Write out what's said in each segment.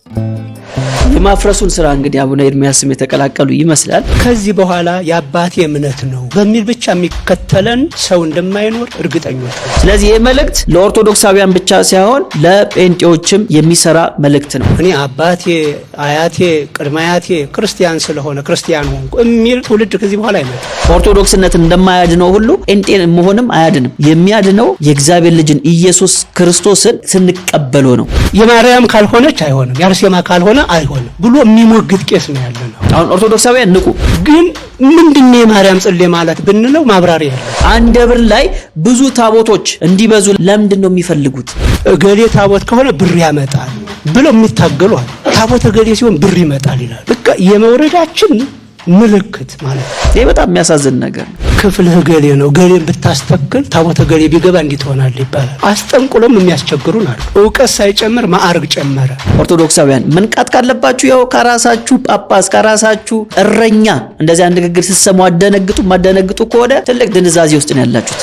Thank you. የማፍረሱን ስራ እንግዲህ አቡነ ኤርሚያስም የተቀላቀሉ ይመስላል። ከዚህ በኋላ የአባቴ እምነት ነው በሚል ብቻ የሚከተለን ሰው እንደማይኖር እርግጠኞች። ስለዚህ ይህ መልእክት ለኦርቶዶክሳውያን ብቻ ሳይሆን ለጴንጤዎችም የሚሰራ መልእክት ነው። እኔ አባቴ፣ አያቴ፣ ቅድመ አያቴ ክርስቲያን ስለሆነ ክርስቲያን ሆንኩ የሚል ትውልድ ከዚህ በኋላ አይመጣም። ኦርቶዶክስነት እንደማያድነው ሁሉ ጴንጤን መሆንም አያድንም። የሚያድነው የእግዚአብሔር ልጅን ኢየሱስ ክርስቶስን ስንቀበሎ ነው። የማርያም ካልሆነች አይሆንም፣ የአርሴማ ካልሆነ አይሆንም። ነው ብሎ የሚሞግት ቄስ ነው ያለ ነው። አሁን ኦርቶዶክሳውያን ንቁ። ግን ምንድነው የማርያም ጽሌ ማለት ብንለው ማብራሪያ ያለ ብር ላይ ብዙ ታቦቶች እንዲበዙ ለምንድን ነው የሚፈልጉት? እገሌ ታቦት ከሆነ ብር ያመጣል ብለው የሚታገሉ ታቦት እገሌ ሲሆን ብር ይመጣል ይላል። በቃ የመውረዳችን ምልክት ማለት ነው። ይህ በጣም የሚያሳዝን ነገር ክፍልህ ገሌ ነው ገሌን ብታስተክል ታቦተ ገሌ ቢገባ እንዲህ ትሆናል ይባላል። አስጠንቁሎም የሚያስቸግሩ አሉ። እውቀት ሳይጨምር ማዕርግ ጨመረ። ኦርቶዶክሳውያን መንቃት ካለባችሁ ያው ከራሳችሁ ጳጳስ ከራሳችሁ እረኛ እንደዚህ ንግግር ስትሰሙ አደነግጡ ማደነግጡ ከሆነ ትልቅ ድንዛዜ ውስጥ ነው ያላችሁት።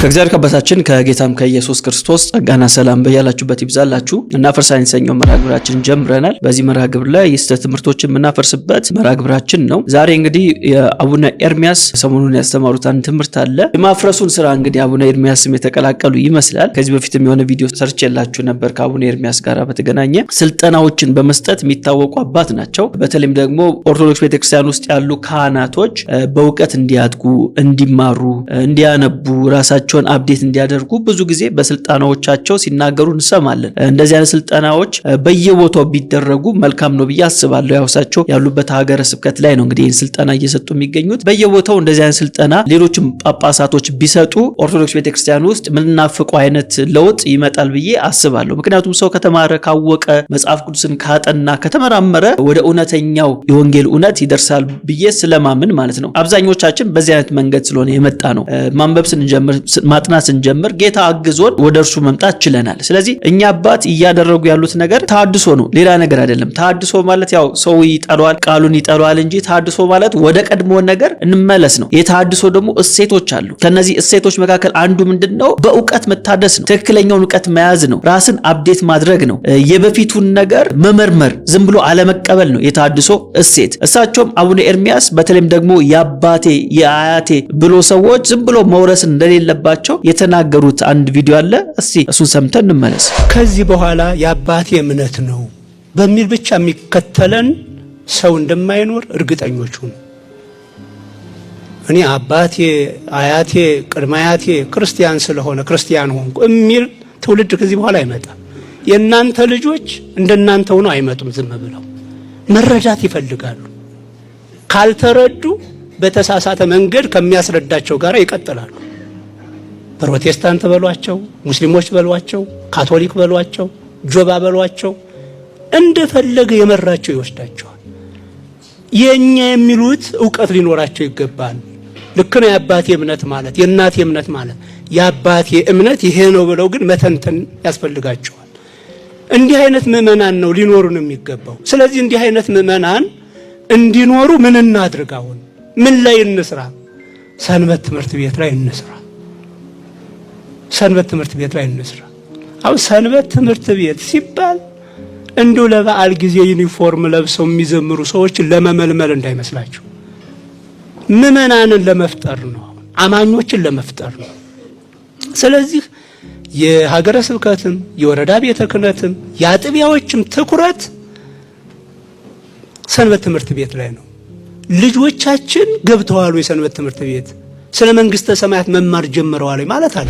ከእግዚአብሔር ከአባታችን ከጌታም ከኢየሱስ ክርስቶስ ጸጋና ሰላም በያላችሁበት ይብዛላችሁ። እናፈርሳለን የተሰኘው መርሃ ግብራችን ጀምረናል። በዚህ መርሃ ግብር ላይ የስህተት ትምህርቶችን የምናፈርስበት መርሃ ግብራችን ነው። ዛሬ እንግዲህ የአቡነ ኤርሚያስ ሰሞኑን ያስተማሩት አንድ ትምህርት አለ። የማፍረሱን ስራ እንግዲህ አቡነ ኤርሚያስም የተቀላቀሉ ይመስላል። ከዚህ በፊትም የሆነ ቪዲዮ ሰርች የላችሁ ነበር ከአቡነ ኤርሚያስ ጋር በተገናኘ ስልጠናዎችን በመስጠት የሚታወቁ አባት ናቸው። በተለይም ደግሞ ኦርቶዶክስ ቤተክርስቲያን ውስጥ ያሉ ካህናቶች በእውቀት እንዲያድጉ፣ እንዲማሩ፣ እንዲያነቡ ራሳቸው ራሳቸውን አብዴት እንዲያደርጉ ብዙ ጊዜ በስልጠናዎቻቸው ሲናገሩ እንሰማለን። እንደዚህ አይነት ስልጠናዎች በየቦታው ቢደረጉ መልካም ነው ብዬ አስባለሁ። ያውሳቸው ያሉበት ሀገረ ስብከት ላይ ነው እንግዲህ ይህን ስልጠና እየሰጡ የሚገኙት። በየቦታው እንደዚህ አይነት ስልጠና ሌሎችም ጳጳሳቶች ቢሰጡ ኦርቶዶክስ ቤተክርስቲያን ውስጥ ምንናፍቁ አይነት ለውጥ ይመጣል ብዬ አስባለሁ። ምክንያቱም ሰው ከተማረ፣ ካወቀ፣ መጽሐፍ ቅዱስን ካጠና፣ ከተመራመረ ወደ እውነተኛው የወንጌል እውነት ይደርሳል ብዬ ስለማምን ማለት ነው። አብዛኞቻችን በዚህ አይነት መንገድ ስለሆነ የመጣ ነው። ማንበብ ስንጀምር ማጥናት ስንጀምር ጌታ አግዞን ወደ እርሱ መምጣት ችለናል። ስለዚህ እኛ አባት እያደረጉ ያሉት ነገር ታድሶ ነው፣ ሌላ ነገር አይደለም። ታድሶ ማለት ያው ሰው ይጠሏል፣ ቃሉን ይጠሏል እንጂ ታድሶ ማለት ወደ ቀድሞ ነገር እንመለስ ነው። የታድሶ ደግሞ እሴቶች አሉ። ከነዚህ እሴቶች መካከል አንዱ ምንድን ነው? በእውቀት መታደስ ነው። ትክክለኛውን እውቀት መያዝ ነው። ራስን አፕዴት ማድረግ ነው። የበፊቱን ነገር መመርመር፣ ዝም ብሎ አለመቀበል ነው የታድሶ እሴት። እሳቸውም አቡነ ኤርሚያስ በተለይም ደግሞ የአባቴ የአያቴ ብሎ ሰዎች ዝም ብሎ መውረስን እንደሌለባ እንዳለባቸው የተናገሩት አንድ ቪዲዮ አለ። እስቲ እሱን ሰምተን እንመለስ። ከዚህ በኋላ የአባቴ እምነት ነው በሚል ብቻ የሚከተለን ሰው እንደማይኖር እርግጠኞች ሁኑ። እኔ አባቴ፣ አያቴ፣ ቅድመ አያቴ ክርስቲያን ስለሆነ ክርስቲያን ሆንኩ የሚል ትውልድ ከዚህ በኋላ አይመጣም። የእናንተ ልጆች እንደናንተ ሆነው አይመጡም። ዝም ብለው መረዳት ይፈልጋሉ። ካልተረዱ በተሳሳተ መንገድ ከሚያስረዳቸው ጋር ይቀጥላሉ። ፕሮቴስታንት በሏቸው፣ ሙስሊሞች በሏቸው፣ ካቶሊክ በሏቸው፣ ጆባ በሏቸው፣ እንደፈለገ የመራቸው ይወስዳቸዋል። የእኛ የሚሉት እውቀት ሊኖራቸው ይገባል። ልክ ነው የአባቴ እምነት ማለት የእናቴ እምነት ማለት የአባቴ እምነት ይሄ ነው ብለው ግን መተንተን ያስፈልጋቸዋል። እንዲህ አይነት ምእመናን ነው ሊኖሩን የሚገባው። ስለዚህ እንዲህ አይነት ምእመናን እንዲኖሩ ምን እናድርግ? አሁን ምን ላይ እንስራ? ሰንበት ትምህርት ቤት ላይ እንስራ። ሰንበት ትምህርት ቤት ላይ እንስራ። አሁን ሰንበት ትምህርት ቤት ሲባል እንዲሁ ለበዓል ጊዜ ዩኒፎርም ለብሰው የሚዘምሩ ሰዎችን ለመመልመል እንዳይመስላችሁ። ምመናንን ለመፍጠር ነው፣ አማኞችን ለመፍጠር ነው። ስለዚህ የሀገረ ስብከትም የወረዳ ቤተ ክህነትም የአጥቢያዎችም ትኩረት ሰንበት ትምህርት ቤት ላይ ነው። ልጆቻችን ገብተዋል የሰንበት ትምህርት ቤት ስለ መንግስተ ሰማያት መማር ጀምረዋል ማለት አለ።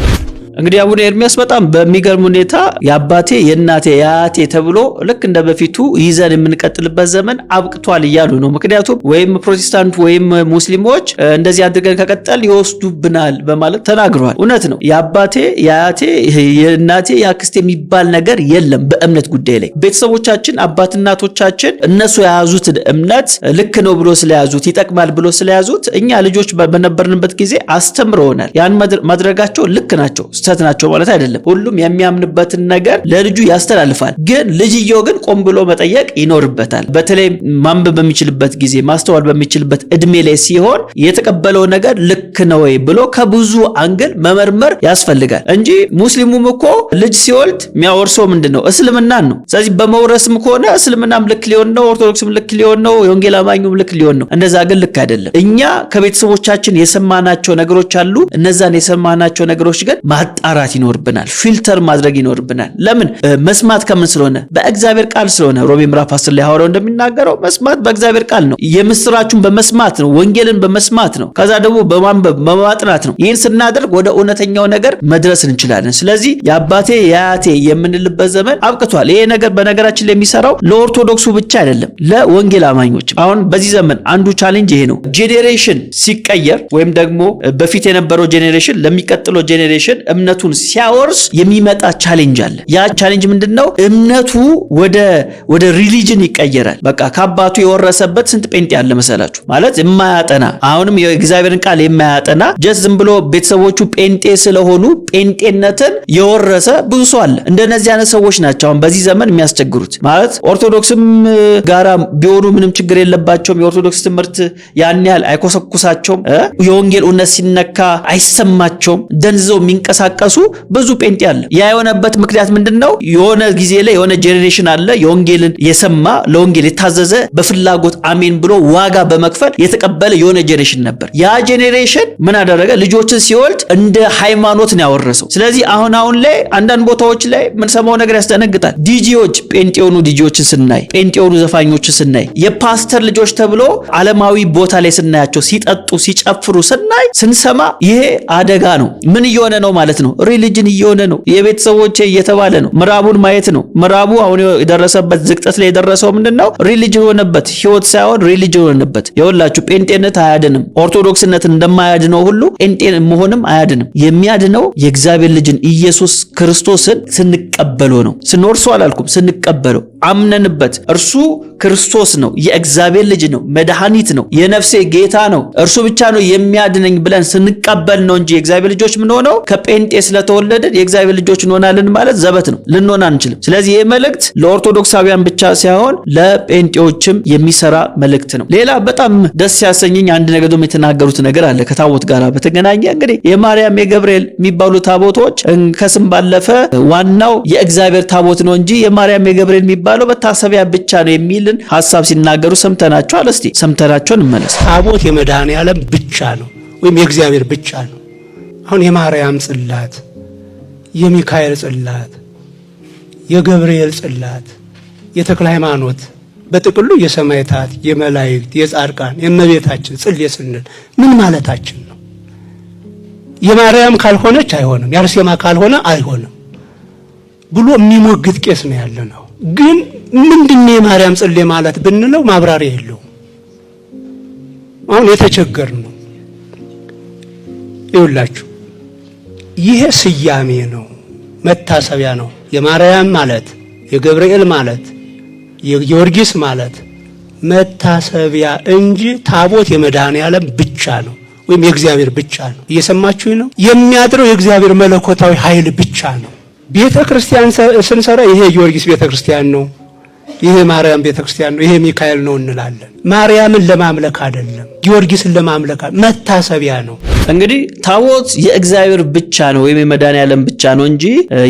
እንግዲህ አቡነ ኤርሚያስ በጣም በሚገርም ሁኔታ የአባቴ የእናቴ የአያቴ ተብሎ ልክ እንደ በፊቱ ይዘን የምንቀጥልበት ዘመን አብቅቷል እያሉ ነው። ምክንያቱም ወይም ፕሮቴስታንት ወይም ሙስሊሞች እንደዚህ አድርገን ከቀጠል ይወስዱብናል በማለት ተናግረዋል። እውነት ነው። የአባቴ የአያቴ የእናቴ የአክስቴ የሚባል ነገር የለም በእምነት ጉዳይ ላይ ቤተሰቦቻችን አባት እናቶቻችን እነሱ የያዙትን እምነት ልክ ነው ብሎ ስለያዙት ይጠቅማል ብሎ ስለያዙት እኛ ልጆች በነበርንበት ጊዜ አስተምረውናል። ያን ማድረጋቸው ልክ ናቸው። ስህተት ናቸው ማለት አይደለም። ሁሉም የሚያምንበትን ነገር ለልጁ ያስተላልፋል። ግን ልጅየው ግን ቆም ብሎ መጠየቅ ይኖርበታል። በተለይ ማንበብ በሚችልበት ጊዜ ማስተዋል በሚችልበት እድሜ ላይ ሲሆን የተቀበለው ነገር ልክ ነው ወይ ብሎ ከብዙ አንግል መመርመር ያስፈልጋል እንጂ ሙስሊሙም እኮ ልጅ ሲወልድ የሚያወርሰው ምንድን ነው? እስልምናን ነው። ስለዚህ በመውረስም ከሆነ እስልምናም ልክ ሊሆን ነው፣ ኦርቶዶክስም ልክ ሊሆን ነው፣ የወንጌል አማኙም ልክ ሊሆን ነው። እንደዛ ግን ልክ አይደለም። እኛ ከቤተሰቦቻችን የሰማናቸው ነገሮች አሉ። እነዛን የሰማናቸው ነገሮች ግን ማጣራት ይኖርብናል፣ ፊልተር ማድረግ ይኖርብናል። ለምን መስማት ከምን ስለሆነ በእግዚአብሔር ቃል ስለሆነ ሮሜ ምዕራፍ 10 ላይ ሐዋርያው እንደሚናገረው መስማት በእግዚአብሔር ቃል ነው። የምስራቹን በመስማት ነው፣ ወንጌልን በመስማት ነው። ከዛ ደግሞ በማንበብ በማጥናት ነው። ይህን ስናደርግ ወደ እውነተኛው ነገር መድረስ እንችላለን። ስለዚህ የአባቴ የአያቴ የምንልበት ዘመን አብቅቷል። ይሄ ነገር በነገራችን ላይ የሚሰራው ለኦርቶዶክሱ ብቻ አይደለም፣ ለወንጌል አማኞች። አሁን በዚህ ዘመን አንዱ ቻሌንጅ ይሄ ነው። ጄኔሬሽን ሲቀየር ወይም ደግሞ በፊት የነበረው ጄኔሬሽን ለሚቀጥለው ጄኔሬሽን እምነቱን ሲያወርስ የሚመጣ ቻሌንጅ አለ። ያ ቻሌንጅ ምንድን ነው? እምነቱ ወደ ሪሊጅን ይቀየራል። በቃ ከአባቱ የወረሰበት ስንት ጴንጤ ያለ መሰላችሁ? ማለት የማያጠና አሁንም የእግዚአብሔርን ቃል የማያጠና ጀስት ዝም ብሎ ቤተሰቦቹ ጴንጤ ስለሆኑ ጴንጤነትን የወረሰ ብዙ ሰው አለ። እንደነዚህ አይነት ሰዎች ናቸው አሁን በዚህ ዘመን የሚያስቸግሩት። ማለት ኦርቶዶክስም ጋራ ቢሆኑ ምንም ችግር የለባቸውም። የኦርቶዶክስ ትምህርት ያን ያህል አይኮሰኩሳቸውም። የወንጌል እውነት ሲነካ አይሰማቸውም። ደንዝዘው የሚንቀሳ የሚንቀሳቀሱ ብዙ ጴንጤ አለ። ያ የሆነበት ምክንያት ምንድን ነው? የሆነ ጊዜ ላይ የሆነ ጄኔሬሽን አለ የወንጌልን የሰማ ለወንጌል የታዘዘ በፍላጎት አሜን ብሎ ዋጋ በመክፈል የተቀበለ የሆነ ጄኔሬሽን ነበር። ያ ጄኔሬሽን ምን አደረገ? ልጆችን ሲወልድ እንደ ሃይማኖት ነው ያወረሰው። ስለዚህ አሁን አሁን ላይ አንዳንድ ቦታዎች ላይ ምንሰማው ነገር ያስደነግጣል። ዲጂዎች ጴንጤ የሆኑ ዲጂዎችን ስናይ፣ ጴንጤ የሆኑ ዘፋኞችን ስናይ፣ የፓስተር ልጆች ተብሎ አለማዊ ቦታ ላይ ስናያቸው ሲጠጡ ሲጨፍሩ ስናይ ስንሰማ ይሄ አደጋ ነው። ምን እየሆነ ነው ማለት ማለት ነው። ሪሊጅን እየሆነ ነው። የቤተሰቦቼ እየተባለ ነው። ምዕራቡን ማየት ነው። ምዕራቡ አሁን የደረሰበት ዝቅጠት ላይ የደረሰው ምንድን ነው? ሪሊጅን የሆነበት ህይወት ሳይሆን ሪሊጅን ሆነበት የወላችሁ ጴንጤነት አያድንም። ኦርቶዶክስነት እንደማያድነው ሁሉ ጴንጤን መሆንም አያድንም። የሚያድነው የእግዚአብሔር ልጅን ኢየሱስ ክርስቶስን ስንቀበለው ነው። ስንወርሶ አላልኩም፣ ስንቀበለው አምነንበት እርሱ ክርስቶስ ነው፣ የእግዚአብሔር ልጅ ነው፣ መድኃኒት ነው፣ የነፍሴ ጌታ ነው፣ እርሱ ብቻ ነው የሚያድነኝ ብለን ስንቀበል ነው እንጂ የእግዚአብሔር ልጆች ሆነው ከጴንጤ ስለተወለደን የእግዚአብሔር ልጆች እንሆናለን ማለት ዘበት ነው፣ ልንሆን አንችልም። ስለዚህ ይህ መልእክት ለኦርቶዶክሳውያን ብቻ ሳይሆን ለጴንጤዎችም የሚሰራ መልእክት ነው። ሌላ በጣም ደስ ያሰኘኝ አንድ ነገር ደግሞ የተናገሩት ነገር አለ ከታቦት ጋር በተገናኘ እንግዲህ የማርያም የገብርኤል የሚባሉ ታቦቶች ከስም ባለፈ ዋናው የእግዚአብሔር ታቦት ነው እንጂ የማርያም የገብርኤል የሚባለው መታሰቢያ ብቻ ነው የሚል የሚልን ሀሳብ ሲናገሩ ሰምተናቸዋል። እስቲ ሰምተናቸውን እንመለስ። ታቦት የመድኃኔ ዓለም ብቻ ነው ወይም የእግዚአብሔር ብቻ ነው። አሁን የማርያም ጽላት፣ የሚካኤል ጽላት፣ የገብርኤል ጽላት፣ የተክለ ሃይማኖት በጥቅሉ የሰማይታት፣ የመላእክት፣ የጻድቃን፣ የእመቤታችን ጽሌ ስንል ምን ማለታችን ነው? የማርያም ካልሆነች አይሆንም፣ የአርሴማ ካልሆነ አይሆንም ብሎ የሚሞግት ቄስ ነው ያለ ነው። ግን ምንድን የማርያም ጽሌ ማለት ብንለው ማብራሪያ የለውም። አሁን የተቸገር ነው ይውላችሁ። ይሄ ስያሜ ነው፣ መታሰቢያ ነው። የማርያም ማለት የገብርኤል ማለት የጊዮርጊስ ማለት መታሰቢያ እንጂ ታቦት የመድኃኔ ዓለም ብቻ ነው ወይም የእግዚአብሔር ብቻ ነው። እየሰማችሁ ነው። የሚያድረው የእግዚአብሔር መለኮታዊ ኃይል ብቻ ነው። ቤተ ክርስቲያን ስንሰራ ይሄ ጊዮርጊስ ቤተ ክርስቲያን ነው ይሄ ማርያም ቤተክርስቲያን ነው፣ ይሄ ሚካኤል ነው እንላለን። ማርያምን ለማምለክ አይደለም፣ ጊዮርጊስን ለማምለክ መታሰቢያ ነው። እንግዲህ ታቦት የእግዚአብሔር ብቻ ነው ወይም የመድኃኔዓለም ብቻ ነው እንጂ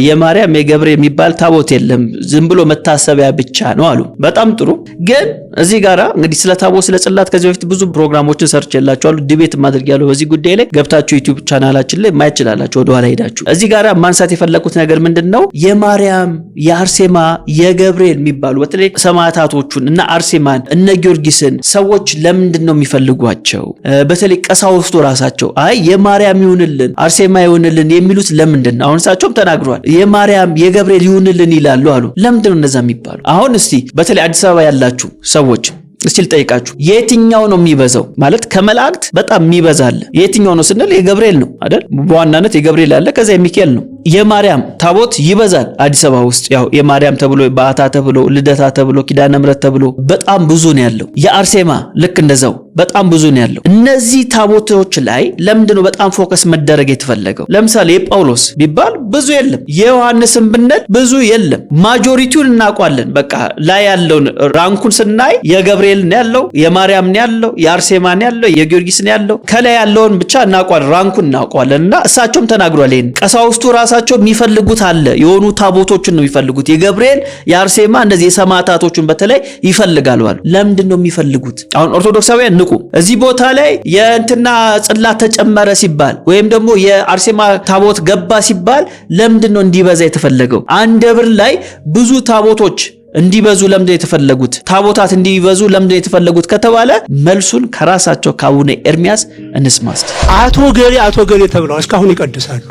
የማርያም የገብርኤል የሚባል ታቦት የለም፣ ዝም ብሎ መታሰቢያ ብቻ ነው አሉ። በጣም ጥሩ። ግን እዚህ ጋር እንግዲህ ስለ ታቦት ስለ ጽላት ከዚህ በፊት ብዙ ፕሮግራሞችን ሰርች የላችኋለሁ ዲቤት ማድረግ በዚህ ጉዳይ ላይ ገብታችሁ ዩቲዩብ ቻናላችን ላይ ማየት ትችላላችሁ። ወደኋላ ሄዳችሁ እዚህ ጋር ማንሳት የፈለኩት ነገር ምንድን ነው የማርያም የአርሴማ የገብርኤል የሚባሉ በተለይ ሰማዕታቶቹን እና አርሴማን እነ ጊዮርጊስ መሪዎችን ሰዎች ለምንድን ነው የሚፈልጓቸው? በተለይ ቀሳውስቱ ራሳቸው አይ የማርያም ይሁንልን፣ አርሴማ ይሁንልን የሚሉት ለምንድን ነው? አሁን እሳቸውም ተናግሯል? የማርያም የገብርኤል ይሁንልን ይላሉ አሉ። ለምንድን ነው እነዛ የሚባሉ? አሁን እስቲ በተለይ አዲስ አበባ ያላችሁ ሰዎች እስቲ ልጠይቃችሁ፣ የትኛው ነው የሚበዛው? ማለት ከመላእክት በጣም የሚበዛለ የትኛው ነው ስንል የገብርኤል ነው አይደል? በዋናነት የገብርኤል ያለ ከዚያ የሚካኤል ነው የማርያም ታቦት ይበዛል። አዲስ አበባ ውስጥ ያው የማርያም ተብሎ በዓታ ተብሎ ልደታ ተብሎ ኪዳነ ምሕረት ተብሎ በጣም ብዙ ነው ያለው። የአርሴማ ልክ እንደዛው በጣም ብዙ ነው ያለው። እነዚህ ታቦቶች ላይ ለምንድነው በጣም ፎከስ መደረግ የተፈለገው? ለምሳሌ የጳውሎስ ቢባል ብዙ የለም፣ የዮሐንስን ብንል ብዙ የለም። ማጆሪቲውን እናውቋለን። በቃ ላይ ያለውን ራንኩን ስናይ የገብርኤል ነው ያለው፣ የማርያም ነው ያለው፣ የአርሴማ ነው ያለው፣ የጊዮርጊስ ነው ያለው። ከላይ ያለውን ብቻ እናውቋለን፣ ራንኩን እናውቋለን። እና እሳቸውም ተናግሯል ይሄን ቀሳውስቱ ራ ራሳቸው የሚፈልጉት አለ። የሆኑ ታቦቶችን ነው የሚፈልጉት። የገብርኤል የአርሴማ እንደዚህ የሰማዕታቶችን በተለይ ይፈልጋል ማለት ለምንድን ነው የሚፈልጉት? አሁን ኦርቶዶክሳውያን ንቁ። እዚህ ቦታ ላይ የእንትና ጽላት ተጨመረ ሲባል ወይም ደግሞ የአርሴማ ታቦት ገባ ሲባል ለምንድን ነው እንዲበዛ የተፈለገው? አንድ ብር ላይ ብዙ ታቦቶች እንዲበዙ ለምንድን የተፈለጉት? ታቦታት እንዲበዙ ለምንድን የተፈለጉት ከተባለ መልሱን ከራሳቸው ከአቡነ ኤርሚያስ እንስማስት አቶ ገሌ አቶ ገሌ ተብለዋል። እስካሁን ይቀድሳሉ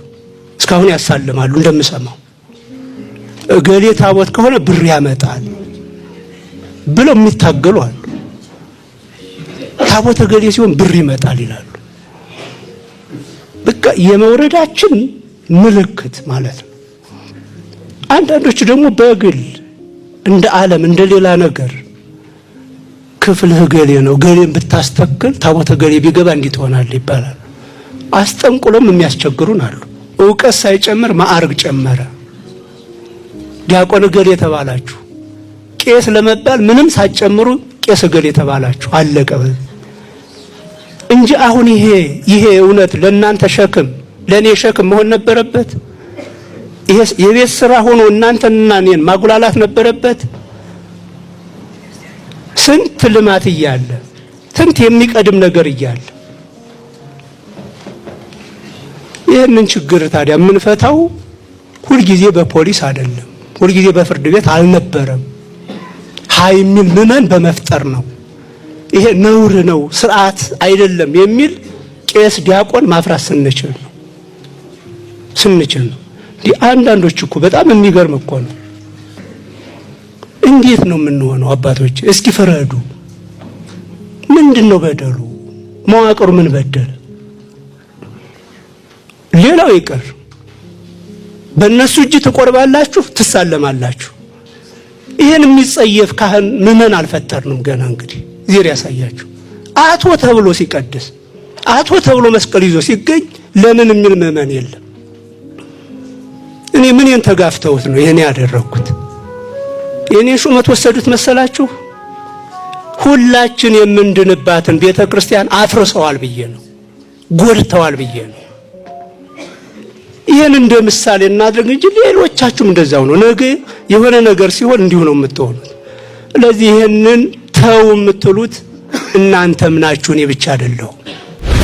እስካሁን ያሳልማሉ እንደምሰማው እገሌ ታቦት ከሆነ ብር ያመጣል ብለው የሚታገሉ አሉ። ታቦት እገሌ ሲሆን ብር ይመጣል ይላሉ። በቃ የመውረዳችን ምልክት ማለት ነው። አንዳንዶቹ ደግሞ በግል እንደ ዓለም እንደ ሌላ ነገር ክፍልህ እገሌ ነው ገሌን ብታስተክል ታቦተ ገሌ ቢገባ እንዲህ ትሆናለህ ይባላል። አስጠንቁሎም የሚያስቸግሩን አሉ። እውቀት ሳይጨምር ማዕርግ ጨመረ። ዲያቆን እገሌ የተባላችሁ ቄስ ለመባል ምንም ሳትጨምሩ ቄስ እገሌ የተባላችሁ አለቀ እንጂ አሁን ይሄ ይሄ እውነት ለእናንተ ሸክም ለእኔ ሸክም መሆን ነበረበት? የቤት ስራ ሆኖ እናንተንና እኔን ማጉላላት ነበረበት? ስንት ልማት እያለ ስንት የሚቀድም ነገር እያለ ይህንን ችግር ታዲያ የምንፈታው ሁልጊዜ በፖሊስ አይደለም፣ ሁልጊዜ በፍርድ ቤት አልነበረም። ሀይ የሚል ምመን በመፍጠር ነው። ይሄ ነውር ነው፣ ስርዓት አይደለም የሚል ቄስ ዲያቆን ማፍራት ስንችል ነው ስንችል ነው። እንዲህ አንዳንዶች እኮ በጣም የሚገርም እኮ ነው። እንዴት ነው የምንሆነው? አባቶች እስኪ ፍረዱ። ምንድን ነው በደሉ? መዋቅሩ ምን በደለ? ሌላው ይቅር፣ በእነሱ እጅ ትቆርባላችሁ፣ ትሳለማላችሁ። ይህን የሚጸየፍ ካህን ምመን አልፈጠርንም ገና። እንግዲህ ዜር ያሳያችሁ። አቶ ተብሎ ሲቀድስ አቶ ተብሎ መስቀል ይዞ ሲገኝ ለምን የሚል ምመን የለም። እኔ ምንን ተጋፍተውት ነው ይህን ያደረግኩት? የእኔን ሹመት ወሰዱት መሰላችሁ? ሁላችን የምንድንባትን ቤተ ክርስቲያን አፍርሰዋል ብዬ ነው፣ ጎድተዋል ብዬ ነው። ይህን እንደ ምሳሌ እናድርግ እንጂ ሌሎቻችሁም እንደዛው ነው። ነገ የሆነ ነገር ሲሆን እንዲሁ ነው የምትሆኑት። ስለዚህ ይህንን ተው የምትሉት እናንተም ናችሁ፣ እኔ ብቻ አይደለሁ።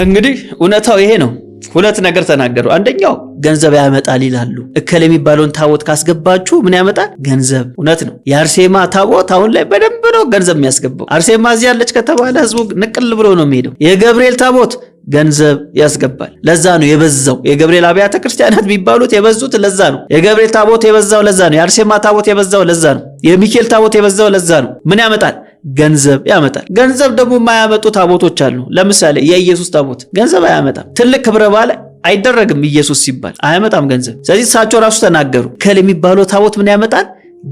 እንግዲህ እውነታው ይሄ ነው። ሁለት ነገር ተናገሩ። አንደኛው ገንዘብ ያመጣል ይላሉ። እከል የሚባለውን ታቦት ካስገባችሁ ምን ያመጣል? ገንዘብ። እውነት ነው። የአርሴማ ታቦት አሁን ላይ በደንብ ነው ገንዘብ የሚያስገባው። አርሴማ እዚህ ያለች ከተባለ ህዝቡ ንቅል ብሎ ነው የሚሄደው። የገብርኤል ታቦት ገንዘብ ያስገባል። ለዛ ነው የበዛው የገብርኤል አብያተ ክርስቲያናት የሚባሉት የበዙት ለዛ ነው። የገብርኤል ታቦት የበዛው ለዛ ነው። የአርሴማ ታቦት የበዛው ለዛ ነው። የሚካኤል ታቦት የበዛው ለዛ ነው። ምን ያመጣል? ገንዘብ ያመጣል። ገንዘብ ደግሞ የማያመጡ ታቦቶች አሉ። ለምሳሌ የኢየሱስ ታቦት ገንዘብ አያመጣም። ትልቅ ክብረ በዓል አይደረግም። ኢየሱስ ሲባል አያመጣም ገንዘብ። ስለዚህ እሳቸው ራሱ ተናገሩ። ከል የሚባለው ታቦት ምን ያመጣል?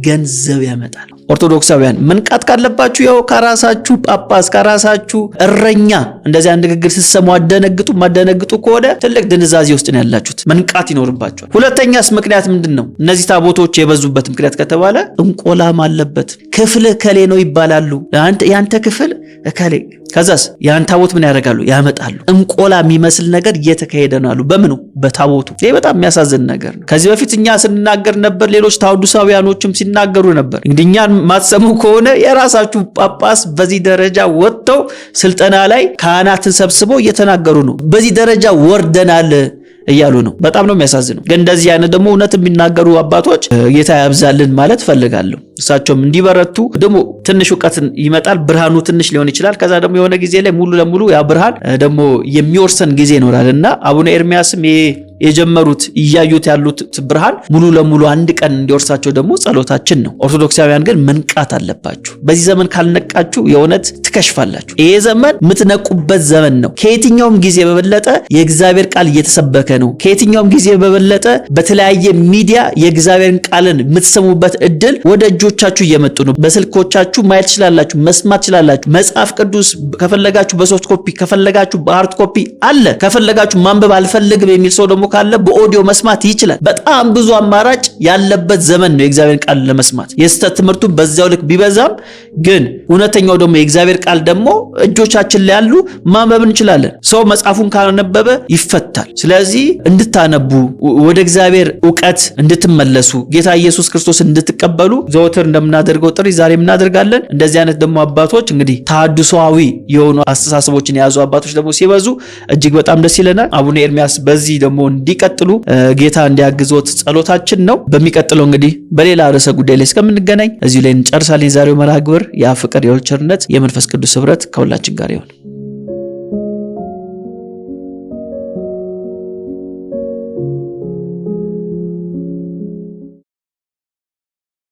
ገንዘብ ያመጣል። ኦርቶዶክሳውያን መንቃት ካለባችሁ ያው ከራሳችሁ ጳጳስ ከራሳችሁ እረኛ እንደዚህ አንድ ንግግር ስትሰሙ አደነግጡ ማደነግጡ ከሆነ ትልቅ ድንዛዜ ውስጥ ነው ያላችሁት። መንቃት ይኖርባችኋል። ሁለተኛስ ምክንያት ምንድን ነው? እነዚህ ታቦቶች የበዙበት ምክንያት ከተባለ እንቆላም አለበት። ክፍል እከሌ ነው ይባላሉ። ያንተ ክፍል እከሌ ከዛስ ያን ታቦት ምን ያደርጋሉ? ያመጣሉ። እንቆላ የሚመስል ነገር እየተካሄደ ነው አሉ። በምኑ በታቦቱ። ይህ በጣም የሚያሳዝን ነገር ነው። ከዚህ በፊት እኛ ስንናገር ነበር። ሌሎች ታዱሳውያኖችም ሲናገሩ ነበር። እንግዲህ እኛን ከሆነ የራሳችሁ ጳጳስ በዚህ ደረጃ ወጥተው ስልጠና ላይ ካህናትን ሰብስበው እየተናገሩ ነው። በዚህ ደረጃ ወርደናል እያሉ ነው። በጣም ነው የሚያሳዝነው። ግን እንደዚህ አይነት ደግሞ እውነት የሚናገሩ አባቶች ጌታ ያብዛልን ማለት ፈልጋለሁ። እሳቸውም እንዲበረቱ ደግሞ ትንሽ እውቀት ይመጣል። ብርሃኑ ትንሽ ሊሆን ይችላል። ከዛ ደግሞ የሆነ ጊዜ ላይ ሙሉ ለሙሉ ያ ብርሃን ደግሞ የሚወርሰን ጊዜ ይኖራል እና አቡነ ኤርሚያስም ይሄ የጀመሩት እያዩት ያሉት ብርሃን ሙሉ ለሙሉ አንድ ቀን እንዲወርሳቸው ደግሞ ጸሎታችን ነው። ኦርቶዶክሳውያን ግን መንቃት አለባችሁ። በዚህ ዘመን ካልነቃችሁ የእውነት ትከሽፋላችሁ። ይሄ ዘመን የምትነቁበት ዘመን ነው። ከየትኛውም ጊዜ በበለጠ የእግዚአብሔር ቃል እየተሰበከ ነው። ከየትኛውም ጊዜ በበለጠ በተለያየ ሚዲያ የእግዚአብሔርን ቃልን የምትሰሙበት እድል ወደ እጆቻችሁ እየመጡ ነው። በስልኮቻችሁ ማየት ትችላላችሁ፣ መስማት ትችላላችሁ። መጽሐፍ ቅዱስ ከፈለጋችሁ በሶፍት ኮፒ፣ ከፈለጋችሁ በሃርድ ኮፒ አለ። ከፈለጋችሁ ማንበብ አልፈልግም የሚል ሰው ደግሞ ካለ በኦዲዮ መስማት ይችላል። በጣም ብዙ አማራጭ ያለበት ዘመን ነው የእግዚአብሔር ቃል ለመስማት። የስህተት ትምህርቱ በዚያው ልክ ቢበዛም ግን እውነተኛው ደግሞ የእግዚአብሔር ቃል ደግሞ እጆቻችን ላይ ያሉ ማንበብ እንችላለን። ሰው መጽሐፉን ካነበበ ይፈታል። ስለዚህ እንድታነቡ ወደ እግዚአብሔር እውቀት እንድትመለሱ ጌታ ኢየሱስ ክርስቶስ እንድትቀበሉ ዘወትር እንደምናደርገው ጥሪ ዛሬ እናደርጋለን። እንደዚህ አይነት ደግሞ አባቶች እንግዲህ ተሐድሶአዊ የሆኑ አስተሳሰቦችን የያዙ አባቶች ደግሞ ሲበዙ እጅግ በጣም ደስ ይለናል። አቡነ ኤርሚያስ በዚህ ደግሞ እንዲቀጥሉ ጌታ እንዲያግዞት ጸሎታችን ነው። በሚቀጥለው እንግዲህ በሌላ ርዕሰ ጉዳይ ላይ እስከምንገናኝ እዚሁ ላይ እንጨርሳለን። የዛሬው መርሃ ግብር የአብ ፍቅር፣ የወልድ ቸርነት፣ የመንፈስ ቅዱስ ህብረት ከሁላችን ጋር ይሆን።